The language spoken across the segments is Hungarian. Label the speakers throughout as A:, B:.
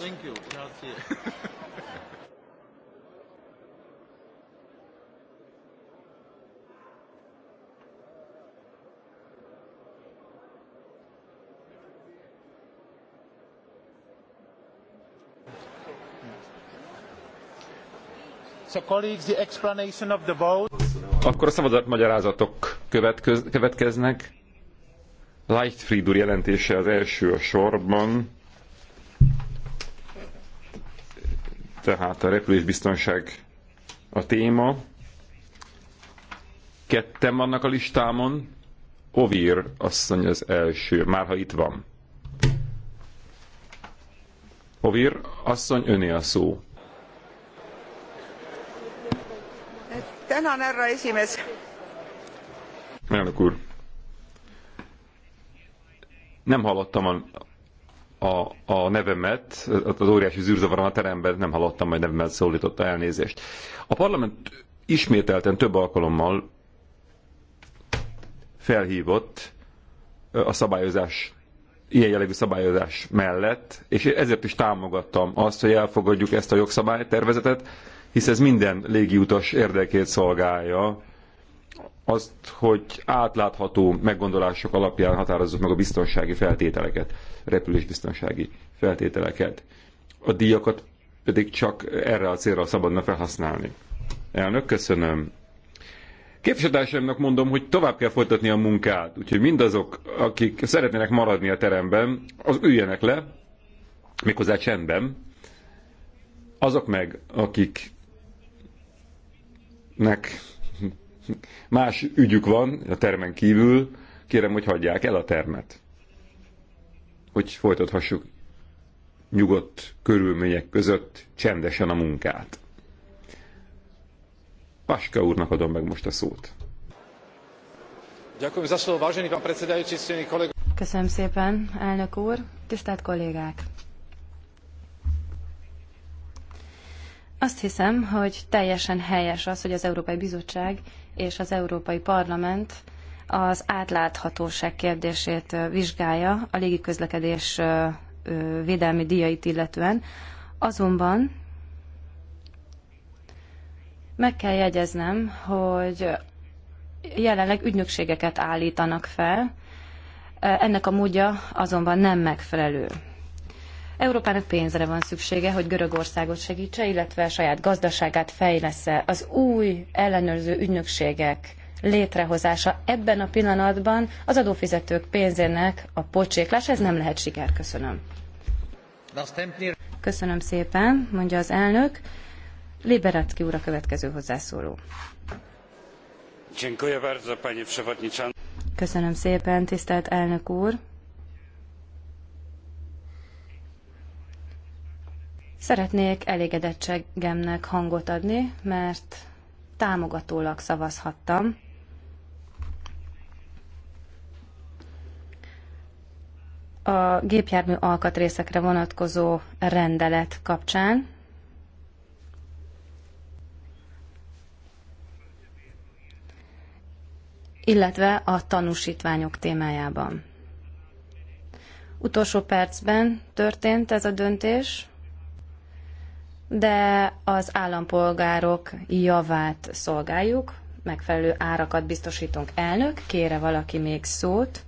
A: Thank you. Grazie. So colleagues, the explanation of the vote.
B: Akkor a szavazatmagyarázatok magyarázatok következnek. Leichtfried úr jelentése az első a sorban. tehát a repülésbiztonság a téma. Ketten vannak a listámon. Ovír mondja az első, már ha itt van. Ovír asszony, öné a szó.
C: Tänan, erre esimees.
B: Elnök úr. Nem hallottam a a, a nevemet, az óriási zűrzavar a teremben, nem hallottam, majd nevemet szólította elnézést. A parlament ismételten több alkalommal felhívott a szabályozás ilyen jellegű szabályozás mellett, és ezért is támogattam azt, hogy elfogadjuk ezt a jogszabálytervezetet, hisz ez minden légiutas érdekét szolgálja, azt, hogy átlátható meggondolások alapján határozzuk meg a biztonsági feltételeket, repülésbiztonsági feltételeket. A díjakat pedig csak erre a célra szabadna felhasználni. Elnök, köszönöm. Képviselőtársamnak mondom, hogy tovább kell folytatni a munkát, úgyhogy mindazok, akik szeretnének maradni a teremben, az üljenek le, méghozzá csendben. Azok meg, akiknek más ügyük van a termen kívül, kérem, hogy hagyják el a termet, hogy folytathassuk nyugodt körülmények között csendesen a munkát. Paska úrnak adom meg most a szót.
A: Köszönöm szépen, elnök úr, tisztelt kollégák! Azt hiszem, hogy teljesen helyes az, hogy az Európai Bizottság és az Európai Parlament az átláthatóság kérdését vizsgálja a légiközlekedés védelmi díjait illetően. Azonban meg kell jegyeznem, hogy jelenleg ügynökségeket állítanak fel, ennek a módja azonban nem megfelelő. Európának pénzre van szüksége, hogy Görögországot segítse, illetve saját gazdaságát fejlesz-e. Az új ellenőrző ügynökségek létrehozása ebben a pillanatban az adófizetők pénzének a pocséklás, ez nem lehet siker. Köszönöm. Köszönöm szépen, mondja az elnök. Liberacki úr a következő hozzászóló. Köszönöm szépen, tisztelt elnök úr. Szeretnék elégedettségemnek hangot adni, mert támogatólag szavazhattam. A gépjármű alkatrészekre vonatkozó rendelet kapcsán, illetve a tanúsítványok témájában. Utolsó percben történt ez a döntés, de az állampolgárok javát szolgáljuk, megfelelő árakat biztosítunk. Elnök, kére valaki még szót?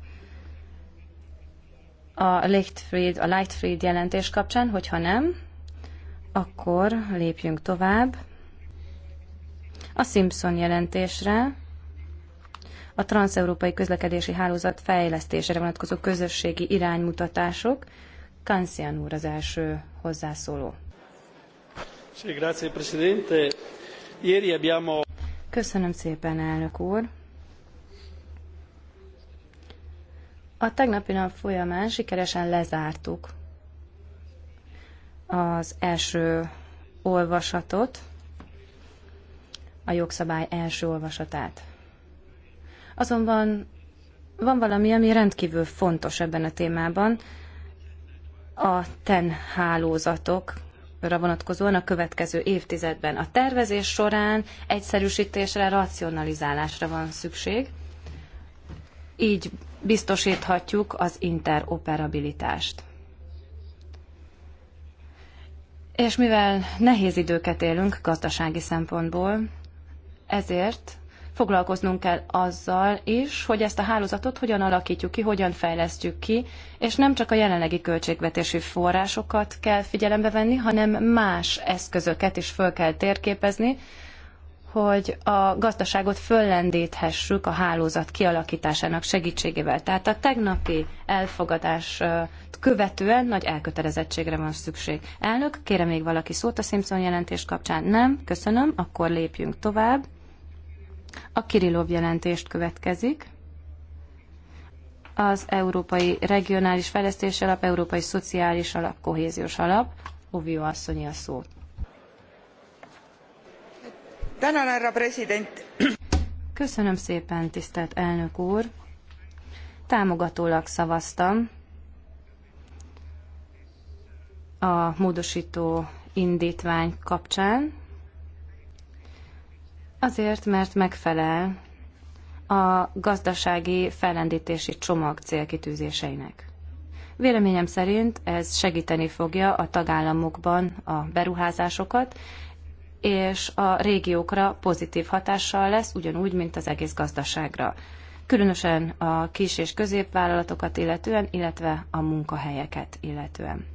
A: A Lichtfried, a Lightfried jelentés kapcsán, hogyha nem, akkor lépjünk tovább. A Simpson jelentésre a transeurópai közlekedési hálózat fejlesztésére vonatkozó közösségi iránymutatások. Kansian úr az első hozzászóló. Köszönöm szépen, elnök úr. A tegnapi nap folyamán sikeresen lezártuk az első olvasatot, a jogszabály első olvasatát. Azonban van valami, ami rendkívül fontos ebben a témában, a TEN hálózatok vonatkozóan a következő évtizedben. A tervezés során egyszerűsítésre, racionalizálásra van szükség. Így biztosíthatjuk az interoperabilitást. És mivel nehéz időket élünk gazdasági szempontból, ezért foglalkoznunk kell azzal is, hogy ezt a hálózatot hogyan alakítjuk ki, hogyan fejlesztjük ki, és nem csak a jelenlegi költségvetési forrásokat kell figyelembe venni, hanem más eszközöket is föl kell térképezni, hogy a gazdaságot föllendíthessük a hálózat kialakításának segítségével. Tehát a tegnapi elfogadás követően nagy elkötelezettségre van szükség. Elnök, kérem még valaki szót a Simpson jelentés kapcsán? Nem, köszönöm, akkor lépjünk tovább. A Kirillov jelentést következik. Az Európai Regionális Fejlesztési Alap, Európai Szociális Alap, Kohéziós Alap. Óvió asszonyi a szót. Köszönöm szépen, tisztelt elnök úr. Támogatólag szavaztam a módosító indítvány kapcsán, Azért, mert megfelel a gazdasági fellendítési csomag célkitűzéseinek. Véleményem szerint ez segíteni fogja a tagállamokban a beruházásokat, és a régiókra pozitív hatással lesz, ugyanúgy, mint az egész gazdaságra. Különösen a kis és középvállalatokat illetően, illetve a munkahelyeket illetően.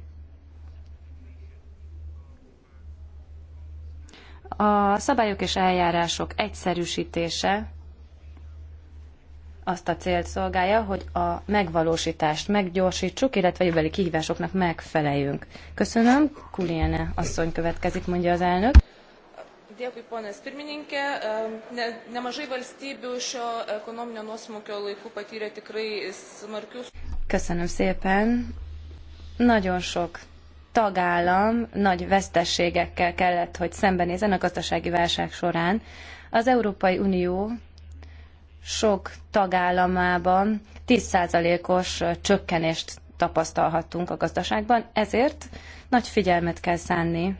A: A szabályok és eljárások egyszerűsítése azt a célt szolgálja, hogy a megvalósítást meggyorsítsuk, illetve jövőbeli kihívásoknak megfeleljünk. Köszönöm. Kuliene asszony következik, mondja az elnök. Dėkui, ponas pirmininkė. nemažai valstybių šio ekonominio nuosmukio laikų patyrė tikrai smarkius. Köszönöm szépen. Nagyon sok tagállam nagy vesztességekkel kellett, hogy szembenézzen a gazdasági válság során. Az Európai Unió sok tagállamában 10%-os csökkenést tapasztalhattunk a gazdaságban, ezért nagy figyelmet kell szánni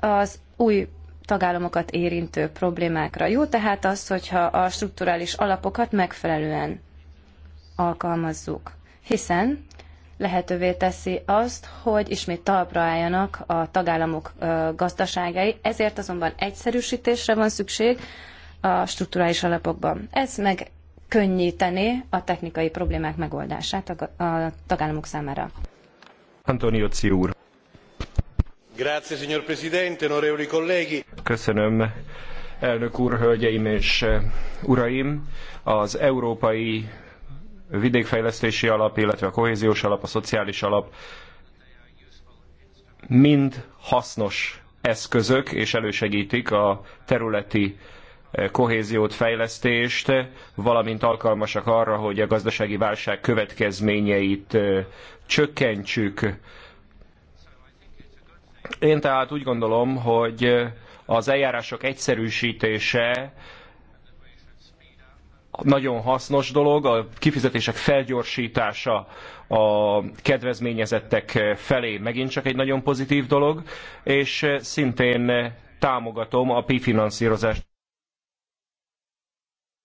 A: az új tagállamokat érintő problémákra. Jó tehát az, hogyha a strukturális alapokat megfelelően alkalmazzuk, hiszen lehetővé teszi azt, hogy ismét talpra álljanak a tagállamok gazdaságai, ezért azonban egyszerűsítésre van szükség a strukturális alapokban. Ez meg a technikai problémák megoldását a, a tagállamok számára.
C: Antonio Ciúr. Grazie, signor Presidente, onorevoli colleghi. Köszönöm, elnök úr, hölgyeim és uraim. Az európai vidékfejlesztési alap, illetve a kohéziós alap, a szociális alap, mind hasznos eszközök, és elősegítik a területi eh, kohéziót, fejlesztést, valamint alkalmasak arra, hogy a gazdasági válság következményeit eh, csökkentsük. Én tehát úgy gondolom, hogy eh, az eljárások egyszerűsítése nagyon hasznos dolog, a kifizetések felgyorsítása a kedvezményezettek felé megint csak egy nagyon pozitív dolog, és szintén támogatom a pi-finanszírozást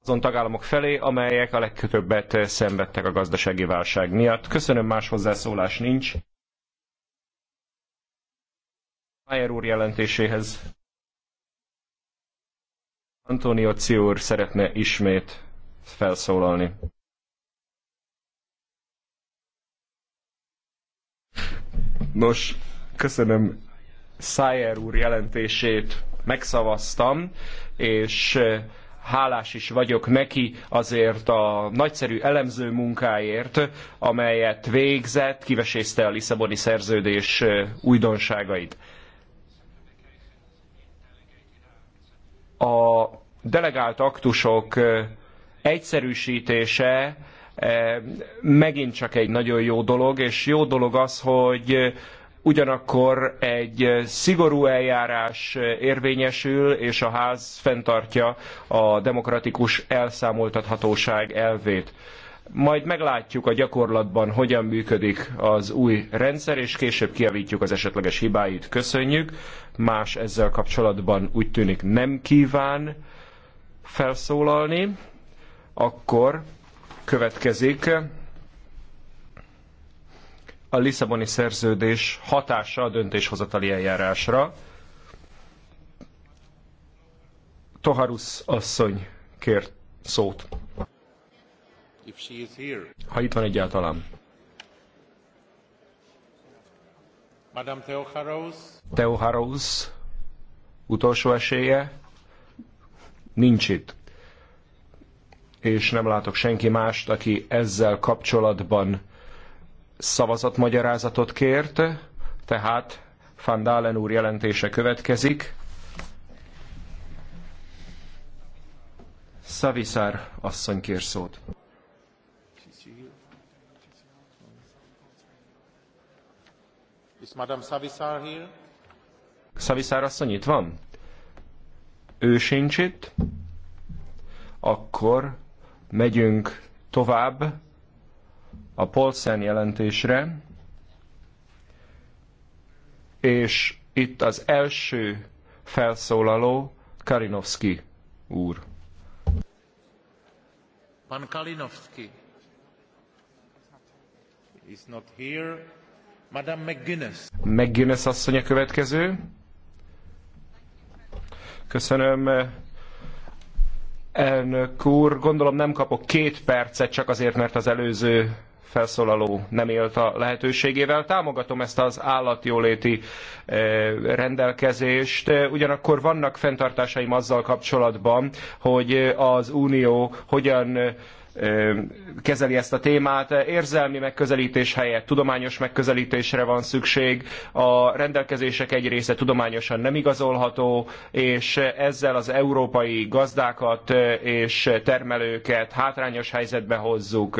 C: azon tagállamok felé, amelyek a legtöbbet szenvedtek a gazdasági válság miatt. Köszönöm, más hozzászólás nincs. Mayer úr jelentéséhez. Antonio Cior szeretne ismét felszólalni. Nos, köszönöm Szájer úr jelentését, megszavaztam, és eh, hálás is vagyok neki azért a nagyszerű elemző munkáért, amelyet végzett, kivesészte a Lisszaboni szerződés eh, újdonságait. A delegált aktusok eh, egyszerűsítése eh, megint csak egy nagyon jó dolog, és jó dolog az, hogy ugyanakkor egy szigorú eljárás érvényesül, és a ház fenntartja a demokratikus elszámoltathatóság elvét. Majd meglátjuk a gyakorlatban, hogyan működik az új rendszer, és később kiavítjuk az esetleges hibáit. Köszönjük. Más ezzel kapcsolatban úgy tűnik nem kíván felszólalni akkor következik a Lisszaboni szerződés hatása a döntéshozatali eljárásra. Toharusz asszony kért szót. Ha itt van egyáltalán.
B: Madame Teoharous.
C: Teoharous. Utolsó esélye. Nincs itt és nem látok senki mást, aki ezzel kapcsolatban szavazatmagyarázatot kért, tehát Van Dalen úr jelentése következik. Szaviszár asszony kér szót.
B: Is Madame Savisar here?
C: Savisar asszony itt van? Ő sincs itt? Akkor Megyünk tovább a Polszen jelentésre, és itt az első felszólaló Karinovski úr.
B: Pan Kalinowski is not here. Madame McGuinness.
C: McGuinness asszony a következő. Köszönöm, Elnök úr, gondolom nem kapok két percet csak azért, mert az előző felszólaló nem élt a lehetőségével. Támogatom ezt az állatjóléti e, rendelkezést, e, ugyanakkor vannak fenntartásaim azzal kapcsolatban, hogy az Unió hogyan e, kezeli ezt a témát. Érzelmi megközelítés helyett tudományos megközelítésre van szükség. A rendelkezések egy része tudományosan nem igazolható, és ezzel az európai gazdákat és termelőket hátrányos helyzetbe hozzuk.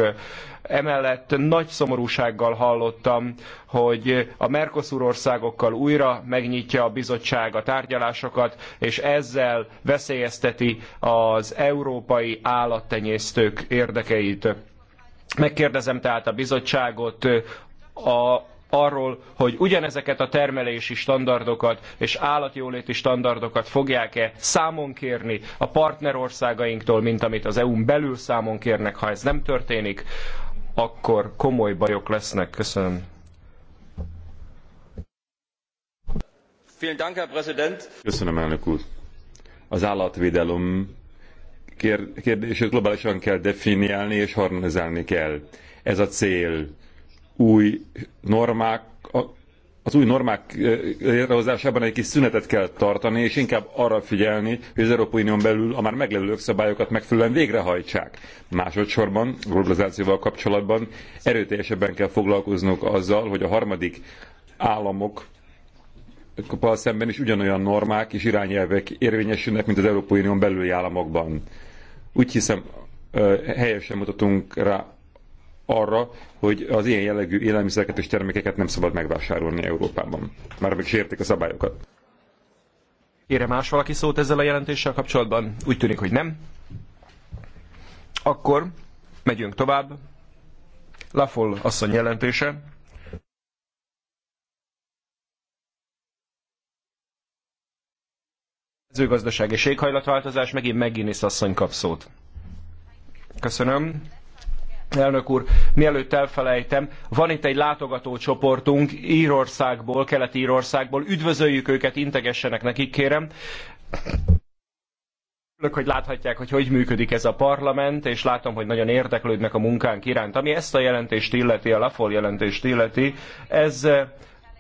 C: Emellett nagy szomorúsággal hallottam, hogy a Mercosur országokkal újra megnyitja a bizottság a tárgyalásokat, és ezzel veszélyezteti az európai állattenyésztők érdekeit. Megkérdezem tehát a bizottságot a, arról, hogy ugyanezeket a termelési standardokat és állatjóléti standardokat fogják-e számon kérni a partnerországainktól, mint amit az EU-n belül számon kérnek, ha ez nem történik, akkor komoly bajok lesznek. Köszönöm. Köszönöm, elnök úr. Az
B: állatvédelem kérdését globálisan kell definiálni és harmonizálni kell. Ez a cél. Új normák az új normák eh, létrehozásában egy kis szünetet kell tartani, és inkább arra figyelni, hogy az Európai Unión belül a már meglevő szabályokat megfelelően végrehajtsák. Másodszorban, globalizációval kapcsolatban erőteljesebben kell foglalkoznunk azzal, hogy a harmadik államok szemben is ugyanolyan normák és irányelvek érvényesülnek, mint az Európai Unión belüli államokban. Úgy hiszem, eh, helyesen mutatunk rá arra, hogy az ilyen jellegű élelmiszereket és termékeket nem szabad megvásárolni Európában. Már meg sértik a szabályokat.
C: Ére más valaki szót ezzel a jelentéssel kapcsolatban? Úgy tűnik, hogy nem. Akkor megyünk tovább. Lafol asszony jelentése. Mezőgazdaság és éghajlatváltozás, megint McGuinness asszony kap szót. Köszönöm. Elnök úr, mielőtt elfelejtem, van itt egy látogatócsoportunk Írországból, Kelet-Írországból. Üdvözöljük őket, integessenek nekik, kérem. Örülök, hogy láthatják, hogy hogy működik ez a parlament, és látom, hogy nagyon érdeklődnek a munkánk iránt. Ami ezt a jelentést illeti, a Lafol jelentést illeti, ez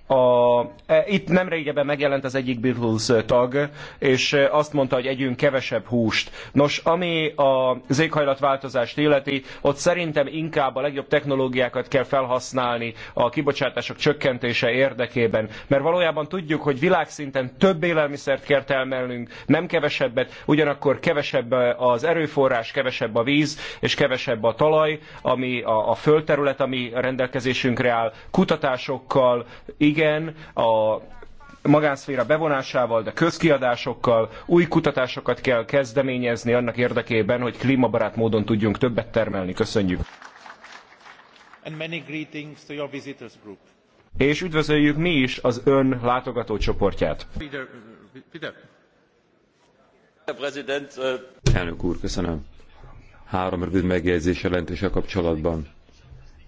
C: a, e, itt nem régebben megjelent az egyik Beatles e, tag, és e, azt mondta, hogy együnk kevesebb húst. Nos, ami a éghajlatváltozást illeti, ott szerintem inkább a legjobb technológiákat kell felhasználni a kibocsátások csökkentése érdekében. Mert valójában tudjuk, hogy világszinten több élelmiszert kell termelnünk, nem kevesebbet, ugyanakkor kevesebb az erőforrás, kevesebb a víz, és kevesebb a talaj, ami a, a földterület, ami a rendelkezésünkre áll, kutatásokkal, így igen, a magánszféra bevonásával, de közkiadásokkal új kutatásokat kell kezdeményezni annak érdekében, hogy klímabarát módon tudjunk többet termelni. Köszönjük! És üdvözöljük mi is az ön látogatócsoportját.
B: Peter, uh, Elnök úr, köszönöm. Három rövid megjegyzés jelentése kapcsolatban.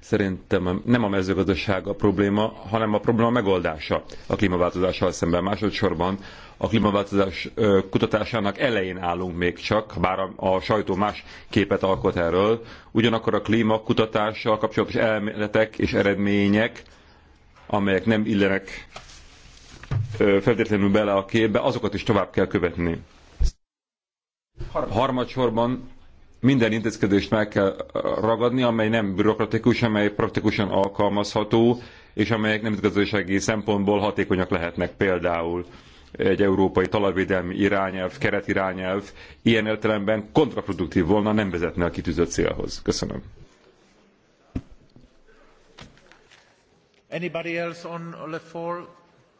B: Szerintem nem a mezőgazdaság a probléma, hanem a probléma megoldása a klímaváltozással szemben. Másodszorban a klímaváltozás kutatásának elején állunk még csak, bár a, sajtó más képet alkot erről, ugyanakkor a klímakutatással kapcsolatos elméletek és eredmények, amelyek nem illenek feltétlenül bele a képbe, azokat is tovább kell követni. Harmadsorban minden intézkedést meg kell ragadni, amely nem bürokratikus, amely praktikusan alkalmazható, és amelyek nemzetgazdasági szempontból hatékonyak lehetnek például egy európai talajvédelmi irányelv, keretirányelv ilyen értelemben kontraproduktív volna, nem vezetne a kitűzött célhoz. Köszönöm. Anybody else on Lefort?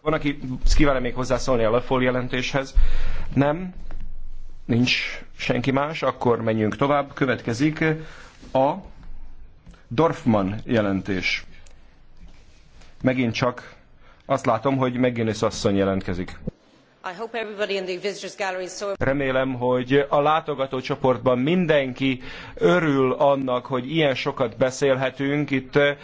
C: Van, aki kíván még hozzászólni a Lefol jelentéshez? Nem? Nincs senki más, akkor menjünk tovább. Következik a Dorfman jelentés. Megint csak azt látom, hogy McGinnis asszony jelentkezik. Remélem, hogy a látogatócsoportban mindenki örül annak, hogy ilyen sokat beszélhetünk. Itt eh,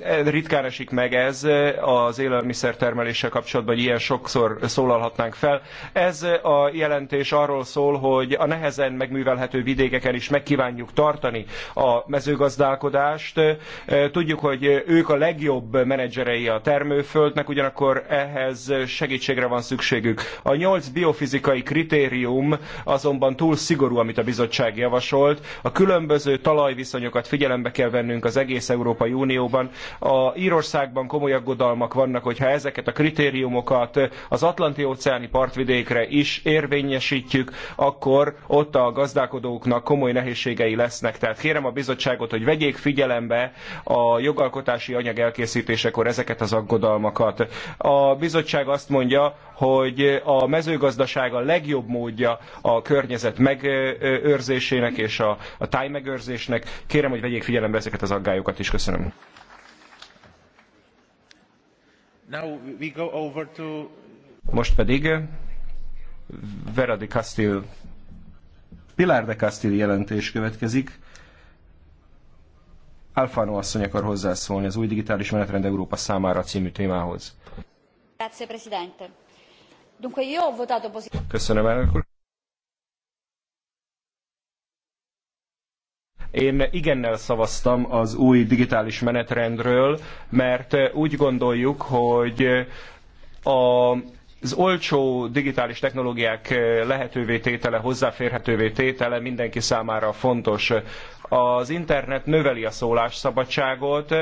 C: eh, ritkán esik meg ez eh, az élelmiszertermeléssel kapcsolatban, hogy ilyen sokszor szólalhatnánk fel. Ez a jelentés arról szól, hogy a nehezen megművelhető vidékeken is megkívánjuk tartani a mezőgazdálkodást. Tudjuk, hogy ők a legjobb menedzserei a termőföldnek, ugyanakkor ehhez segítségre van szükség szükségük. A nyolc biofizikai kritérium azonban túl szigorú, amit a bizottság javasolt. A különböző talajviszonyokat figyelembe kell vennünk az egész Európai Unióban. A Írországban komoly aggodalmak vannak, hogyha ezeket a kritériumokat az Atlanti-óceáni partvidékre is érvényesítjük, akkor ott a gazdálkodóknak komoly nehézségei lesznek. Tehát kérem a bizottságot, hogy vegyék figyelembe a jogalkotási anyag elkészítésekor ezeket az aggodalmakat. A bizottság azt mondja, hogy hogy a mezőgazdaság a legjobb módja a környezet megőrzésének és a, a tájmegőrzésnek. Kérem, hogy vegyék figyelembe ezeket az aggályokat is. Köszönöm. To... Most pedig Vera de Castil, Pilar de Castil jelentés következik. Alfano asszony akar hozzászólni az új digitális menetrend Európa számára című témához. Grazie, Presidente. Dunque io ho votato Köszönöm, elnök úr. Én igennel szavaztam az új digitális menetrendről, mert úgy gondoljuk, hogy a az olcsó digitális technológiák lehetővé tétele, hozzáférhetővé tétele mindenki számára fontos. Az internet növeli a szólásszabadságot,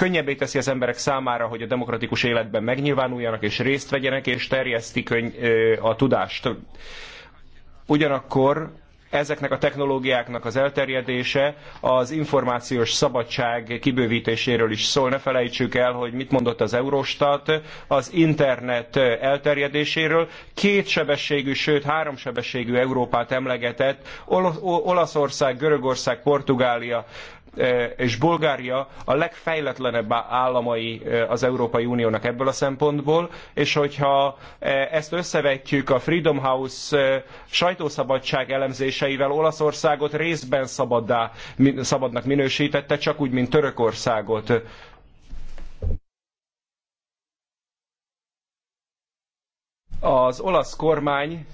C: könnyebbé teszi az emberek számára, hogy a demokratikus életben megnyilvánuljanak és részt vegyenek, és terjesztik a tudást. Ugyanakkor ezeknek a technológiáknak az elterjedése az információs szabadság kibővítéséről is szól. Ne felejtsük el, hogy mit mondott az Eurostat az internet elterjedéséről. Kétsebességű, sőt háromsebességű Európát emlegetett. Olaszország, Görögország, Portugália Eh, és Bulgária a legfejletlenebb államai eh, az Európai Uniónak ebből a szempontból, és hogyha eh, ezt összevetjük a Freedom House sajtószabadság elemzéseivel, Olaszországot részben szabaddá, szabadnak minősítette, csak úgy, mint Törökországot. Az olasz kormány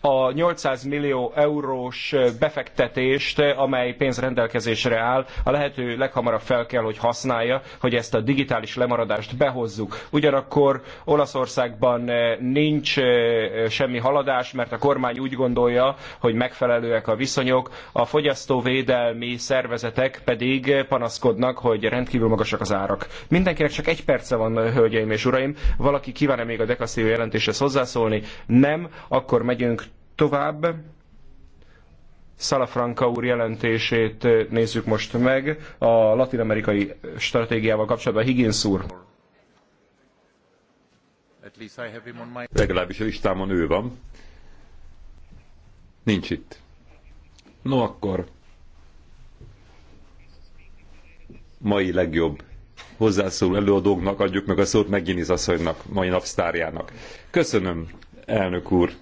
C: a 800 millió eurós befektetést, amely pénz rendelkezésre áll, a lehető leghamarabb fel kell, hogy használja, hogy ezt a digitális lemaradást behozzuk. Ugyanakkor Olaszországban eh, nincs eh, semmi haladás, mert a kormány úgy gondolja, hogy megfelelőek a viszonyok, a fogyasztóvédelmi szervezetek pedig panaszkodnak, hogy rendkívül magasak az árak. Mindenkinek csak egy perce van, eh, hölgyeim és uraim. Valaki kíván-e még a Dekasztió jelentéshez hozzászólni? Nem, akkor megyünk Tovább Salafranca úr jelentését nézzük most meg. A latin-amerikai stratégiával kapcsolatban Higgins úr.
B: Legalábbis a listámon ő van. Nincs itt. No akkor. Mai legjobb hozzászól. előadóknak adjuk meg a szót McGinnis asszonynak, mai napsztárjának. Köszönöm, elnök úr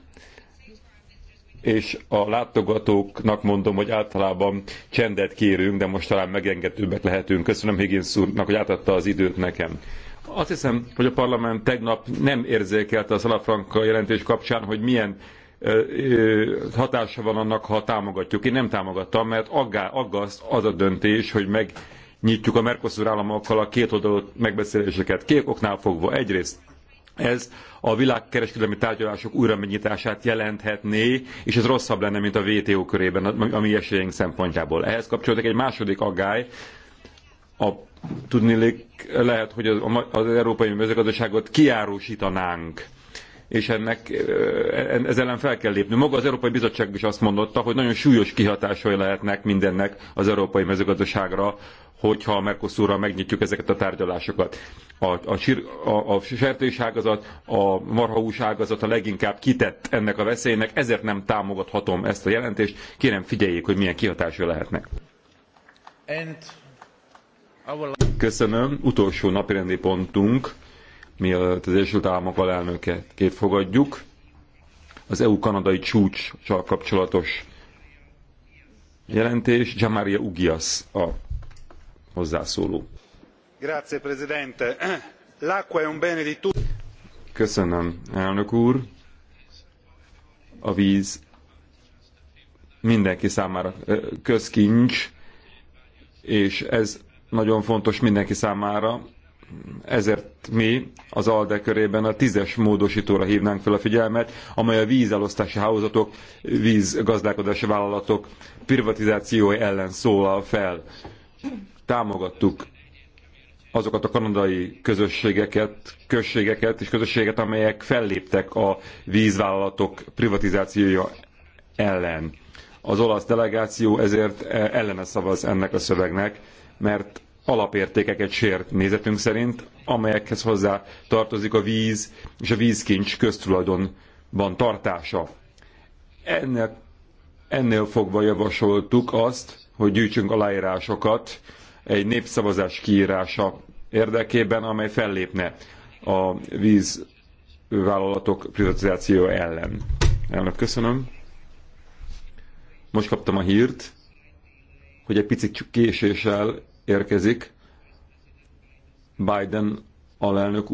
B: és a látogatóknak mondom, hogy általában csendet kérünk, de most talán megengedőbbek lehetünk. Köszönöm Higgins úrnak, hogy átadta az időt nekem. Azt hiszem, hogy a parlament tegnap nem érzékelte a Szalafranka jelentés kapcsán, hogy milyen hatása van annak, ha támogatjuk. Én nem támogattam, mert aggaszt az a döntés, hogy megnyitjuk a Mercosur államokkal a két oldalú megbeszéléseket. Két oknál fogva. Egyrészt ez a világkereskedelmi tárgyalások újra megnyitását jelenthetné, és ez rosszabb lenne, mint a WTO körében, a mi esélyünk szempontjából. Ehhez kapcsolódik egy második aggály, a tudnilik lehet, hogy az, az európai mezőgazdaságot kiárusítanánk és ennek, e, ez ellen fel kell lépni. Maga az Európai Bizottság is azt mondotta, hogy nagyon súlyos kihatásai lehetnek mindennek az európai mezőgazdaságra, hogyha a Mercosurral megnyitjuk ezeket a tárgyalásokat. A, a, a, a, sertés sertéságazat, a marhaús ágazat a leginkább kitett ennek a veszélynek, ezért nem támogathatom ezt a jelentést. Kérem figyeljék, hogy milyen kihatásai lehetnek. Köszönöm. Utolsó napirendi pontunk mi az Egyesült Államok alelnökét fogadjuk. Az EU-kanadai csúcssal kapcsolatos jelentés. Jamaria Ugias a hozzászóló. Grazie, Presidente. L'acqua è un bene di tutti. Köszönöm, elnök úr. A víz mindenki számára közkincs, és ez nagyon fontos mindenki számára, ezért mi az ALDE körében a tízes módosítóra hívnánk fel a figyelmet, amely a vízelosztási hálózatok, vízgazdálkodási vállalatok privatizációja ellen szólal fel. Támogattuk azokat a kanadai közösségeket, községeket és közösségeket, amelyek felléptek a vízvállalatok privatizációja ellen. Az olasz delegáció ezért ellene szavaz ennek a szövegnek, mert alapértékeket sért nézetünk szerint, amelyekhez hozzá tartozik a víz és a vízkincs köztulajdonban tartása. Ennek, ennél fogva javasoltuk azt, hogy gyűjtsünk aláírásokat egy népszavazás kiírása érdekében, amely fellépne a vízvállalatok privatizáció ellen. Elnök, köszönöm. Most kaptam a hírt, hogy egy picit késéssel érkezik Biden alelnök